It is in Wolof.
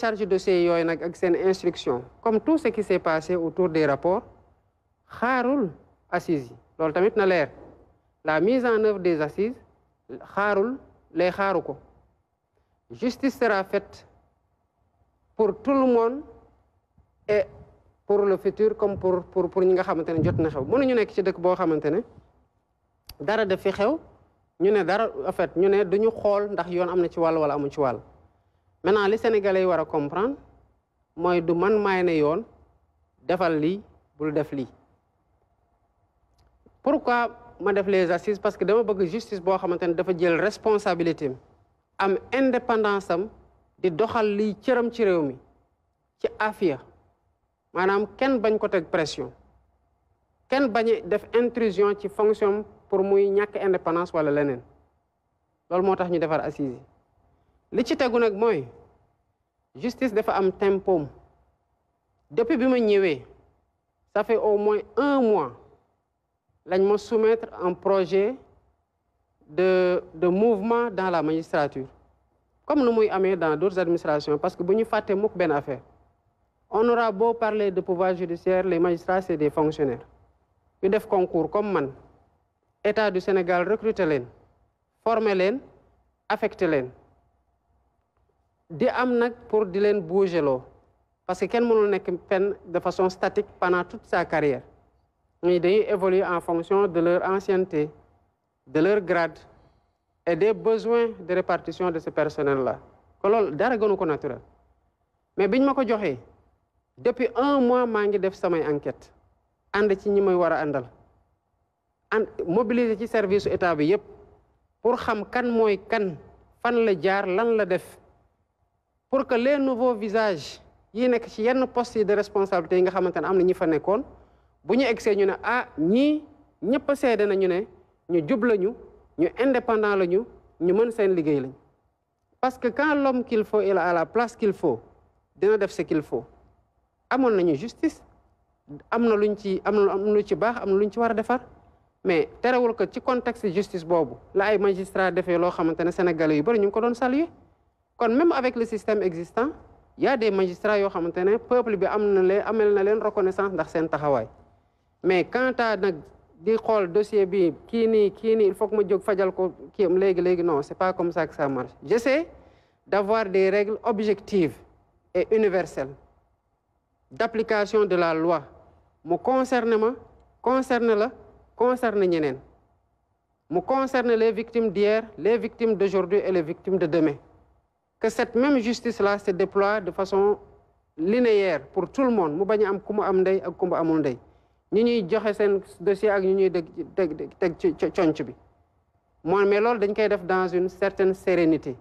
charge dossier yoy nak ak sen instruction comme tout ce qui s'est passé autour des rapports kharul assises lol tamit na leer la mise en œuvre des assises kharul lay kharuko justice sera faite pour tout le monde et pour le futur comme pour pour pour ñi nga xamante jot na xew ñu nek ci dëkk bo xamantene dara daf fi xew ñu né dara en fait ñu né duñu xol ndax yoon amna ci wal wala amu ci wal maintenant li sénégalais yi war a comprendre mooy du man maay ne yoon defal lii bul def lii pourquoi ma def les assises parce que dama bëgg justice boo xamante ne dafa jël responsabilité am indépendance am di doxal lii cëram ci réew mi ci afia maanaam kenn bañ ko teg pression kenn bañ def intrusion ci fonction pour muy ñàkk indépendance wala leneen loolu moo tax ñu defar assises li ci tegu justice dafa am tempom. depuis bi ça fait au moins un mois lañ soumettre un projet de mouvement dans la magistrature comme nous muy dans d'autres administrations parce que bu ñu fàtte mukk benn affaire on aura beau parler de pouvoir judiciaire les magistrats c'est des fonctionnaires ñu def concours comme man état du Sénégal recrute les former leen affecte leen di am nak pour di bougé lo parce que ne mënul pas pen de façon statique pendant toute sa carrière mais dañuy évoluer en fonction de leur ancienneté de leur grade et des besoins de répartition de ce personnel là ko lol dara gënu ko naturel mais biñ mako joxé depuis un mois ma ngi def samay enquête and ci ñi may wara andal mobiliser ci service état bi yépp pour xam kan mooy kan fan la jaar lan la def pour que les nouveaux visages yi nekk ci yenn postes yi de responsabilité yi nga xamante ne am na ñi fa nekkoon bu ñu egsee ñu ne ah ñii ñëpp a seede na ñu ne ñu jub lañu ñu indépendant lañu ñu mën seen liggéey lañ parce que quand l'homme qu'il faut il a la place qu'il dina def ce qu'il amoon nañu justice am na luñ ci am na lu ci baax am na luñ ci war a defar mais terewul ko ci contexte justice boobu la ay magistrats defee loo xamante ne sénégalais yu bëri ñu ngi ko doon saluer Quand même avec le système existant il y a des magistrats qui ont le peuple bi am le amel na reconnaissance mais quand à dit di dossier bi kii nii il faut que je fasse fajal ko non, am n'est non c'est pas comme ça que ça marche j'essaie d'avoir des règles objectives et universelles d'application de la loi Je concerne concerne la concerne ñeneen concerne les victimes d'hier les victimes d'aujourd'hui et les victimes de demain que cette même justice-là se déploie de façon linéaire pour tout le monde mu bañ a am ku mu am ndey a ku amul ndey ñu ñuy joxe seen dossier ak ñu ñuy deg teg teg ci conc bi mooy mais loolu dañ koy def dans une certaine sérénité